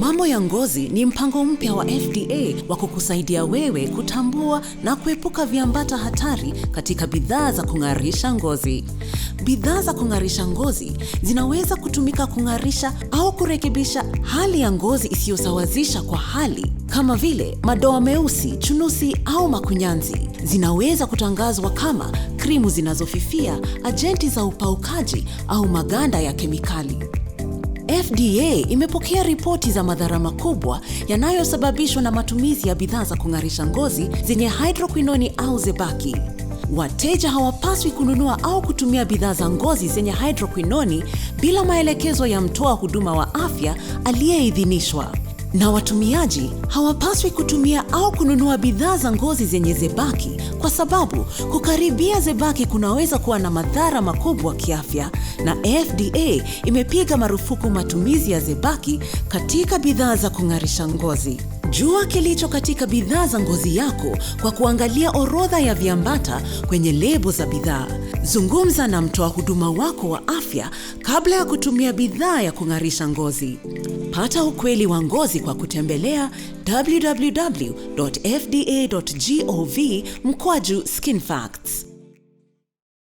Mambo ya Ngozi ni mpango mpya wa FDA wa kukusaidia wewe kutambua na kuepuka viambata hatari katika bidhaa za kung'arisha ngozi. Bidhaa za kung'arisha ngozi zinaweza kutumika kung'arisha au kurekebisha hali ya ngozi isiyosawazisha kwa hali kama vile madoa meusi, chunusi au makunyanzi. Zinaweza kutangazwa kama krimu zinazofifia, ajenti za upaukaji au maganda ya kemikali. FDA imepokea ripoti za madhara makubwa yanayosababishwa na matumizi ya bidhaa za kung'arisha ngozi zenye hydroquinone au zebaki. Wateja hawapaswi kununua au kutumia bidhaa za ngozi zenye hydroquinone bila maelekezo ya mtoa huduma wa afya aliyeidhinishwa na watumiaji hawapaswi kutumia au kununua bidhaa za ngozi zenye zebaki, kwa sababu kukaribia zebaki kunaweza kuwa na madhara makubwa kiafya, na FDA imepiga marufuku matumizi ya zebaki katika bidhaa za kung'arisha ngozi. Jua kilicho katika bidhaa za ngozi yako kwa kuangalia orodha ya viambata kwenye lebo za bidhaa. Zungumza na mtoa huduma wako wa afya kabla ya kutumia bidhaa ya kung'arisha ngozi. Pata ukweli wa ngozi kwa kutembelea www.fda.gov mkwaju skin facts.